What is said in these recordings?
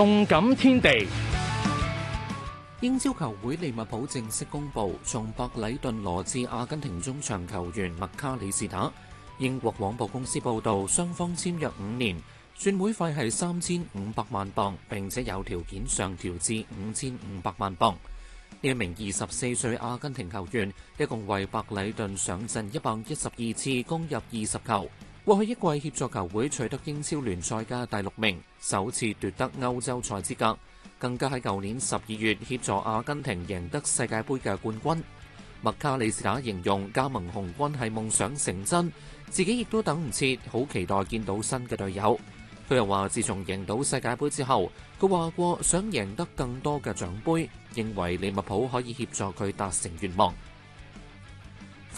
動感天地，英超球會利物浦正式公布從白禮頓羅致阿根廷中場球員麥卡里士打。英國廣播公司報道，雙方簽約五年，轉會費係三千五百萬鎊，並且有條件上調至五千五百萬鎊。呢一名二十四歲阿根廷球員，一共為白禮頓上陣一百一十二次，攻入二十球。過去一季協助球會取得英超聯賽嘅第六名，首次奪得歐洲賽資格，更加喺舊年十二月協助阿根廷贏得世界杯嘅冠軍。麥卡里士打形容加盟紅軍係夢想成真，自己亦都等唔切，好期待見到新嘅隊友。佢又話，自從贏到世界杯之後，佢話過想贏得更多嘅獎杯，認為利物浦可以協助佢達成願望。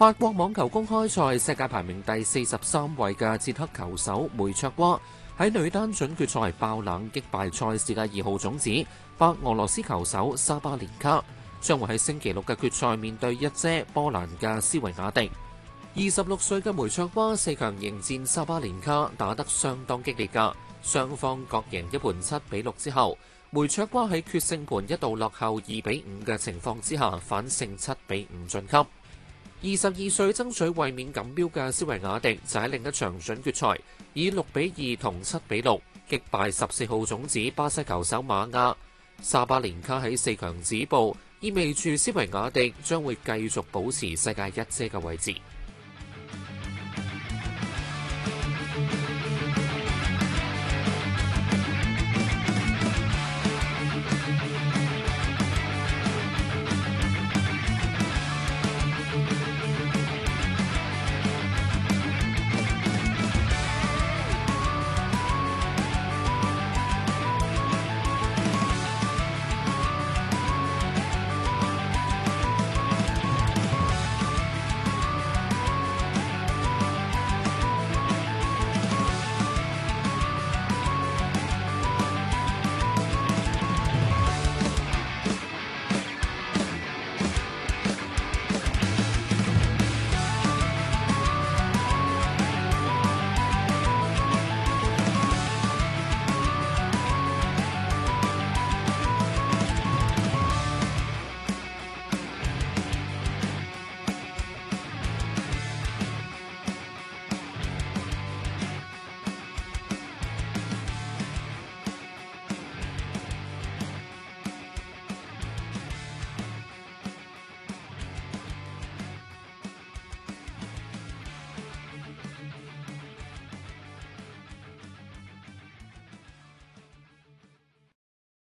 法國網球公開賽世界排名第四十三位嘅捷克球手梅卓娃喺女單準決賽爆冷擊敗賽事嘅二號種子白俄羅斯球手沙巴連卡，將會喺星期六嘅決賽面對一姐波蘭嘅斯維亞迪。二十六歲嘅梅卓娃四強迎戰沙巴連卡打得相當激烈噶，雙方各贏一盤七比六之後，梅卓娃喺決勝盤一度落後二比五嘅情況之下反勝七比五晉級。二十二歲爭取衛冕錦標嘅斯維亞迪就喺另一場準決賽以六比二同七比六擊敗十四號種子巴西球手馬亞，薩巴連卡喺四強止步，意味住斯維亞迪將會繼續保持世界一姐嘅位置。